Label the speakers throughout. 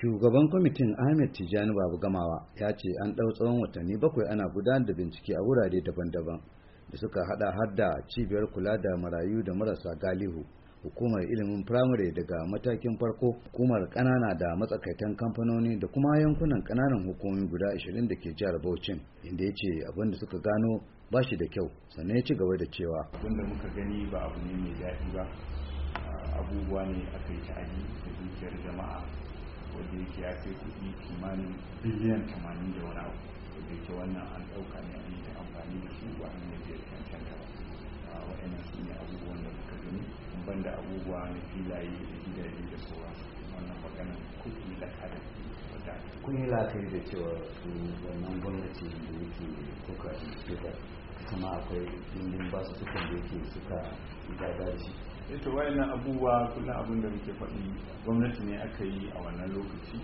Speaker 1: shugaban kwamitin ahmed tijjani babu gamawa ya ce an ɗau tsawon watanni bakwai ana gudanar da bincike a wurare daban-daban da suka hada har da cibiyar kula da marayu da marasa galihu hukumar ilimin firamare daga matakin farko hukumar kanana da matsakaitan kamfanoni da kuma yankunan ƙananan hukumomi guda ashirin da ke jihar Bauchin inda ya ce abin suka gano ba shi da kyau sannan ya ci gaba da cewa abin muka gani ba abu ne mai daɗi ba abubuwa ne aka yi ta'adi da dukiyar jama'a
Speaker 2: wadda yake ya kai kuɗi kimanin biliyan tamanin da wani abu wadda yake wannan an ɗauka ne an yi amfani da su ba an yi da cancanta ba waɗannan su ne abubuwan da suka gani in ban da abubuwa na filaye da gidaje da sauran wannan maganar kuɗi da karin wadda
Speaker 1: kun yi la'akari da cewa su wannan gwamnati da yake kuka suka kuma akwai dindin basu sukan da yake suka gada da
Speaker 2: shi ita wayannan abubuwa kullum abin da muke faɗi gwamnati ne aka yi a wannan lokaci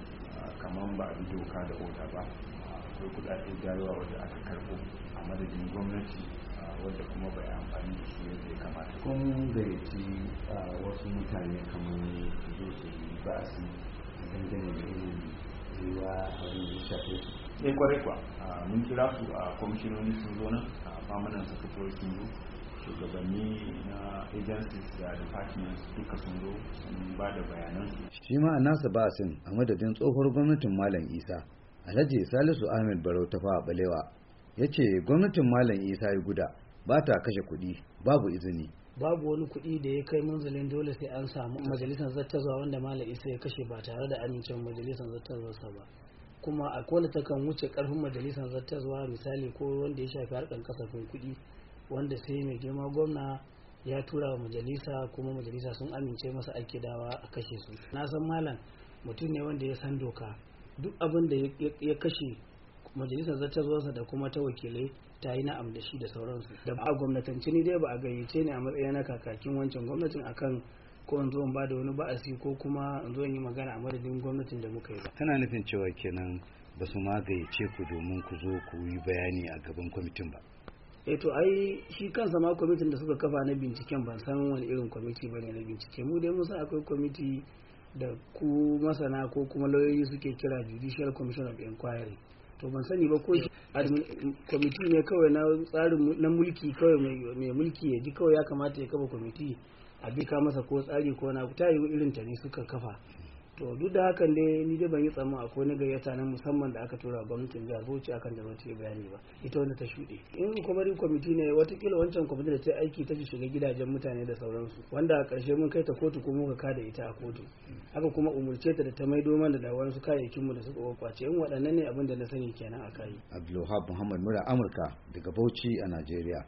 Speaker 2: kamar ba a bi doka da oda ba akwai kudaden jarowa wanda aka karbo a madadin gwamnati wanda kuma bai amfani da su yadda ya kamata kun gayyaci wasu mutane kamar zo su yi ba su dangane da irin zuwa abin da ya shafe su eh, kwarai kwa mun kira su a kwamishinoni sun zo nan a famunan sakatori sun zo shugabanni na agencies da departments duka sun zo sun ba da bayanansu.
Speaker 1: shi ma a nasa sin a madadin tsohuwar gwamnatin malam isa alhaji salisu ahmed barau ta fawa balewa ya ce gwamnatin malam isa ya guda ba ta kashe kuɗi babu izini
Speaker 3: babu wani kuɗi da ya kai manzalin dole sai an samu majalisar zattazuwa wanda malam isa ya kashe ba tare da amincin majalisar zattazuwarsa ba kuma a kola takan wuce karfin majalisar zattazuwa misali ko wanda ya shafi harkar kasafin kuɗi wanda sai mai girma gwamna ya tura wa majalisa kuma majalisa sun amince masa ake dawa a kashe su na san malam mutum ne wanda ya san doka duk abin da ya kashe majalisa majalisar zuwa da kuma ta wakilai ta yi na'am da shi da sauransu da ba a gwamnatanci ni dai ba a gayyace ni a matsayin na kakakin wancan gwamnatin akan ko in zuwan bada wani ba'asi ko kuma in zo yi magana a madadin gwamnatin da muka yi
Speaker 1: ba tana nufin cewa kenan ba su ma gayyace ku domin ku zo ku yi bayani a gaban kwamitin ba eh
Speaker 3: to ai shi kansa ma kwamitin da suka kafa na binciken ban san wani irin kwamiti bane na bincike mu dai mun akwai kwamiti da ku masana ko kuma lauyoyi suke kira judicial commission of inquiry to ban sani ba ko shi kwamiti ne kawai na tsarin na mulki kawai mai mulki ya ji kawai ya kamata ya kafa kwamiti a ka masa ko tsari ko na ta yi irin ta ne suka kafa to duk da hakan ne ni dai ban yi tsama akwai na gayyata na musamman da aka tura gwamnatin jihar Bauchi akan da wata yi bayani ba ita wanda ta shuɗe in kuma rin kwamiti ne watakila wancan kwamiti da ta aiki ta shiga gidajen mutane da sauransu wanda a ƙarshe mun kai ta kotu ko muka kada ita a kotu haka kuma umurce ta da ta maido mana da wasu kayayyakin mu da suka kwakwace in waɗannan ne abin da na sani kenan a kai
Speaker 1: Abdulwahab Muhammad Mura Amurka daga Bauchi a Najeriya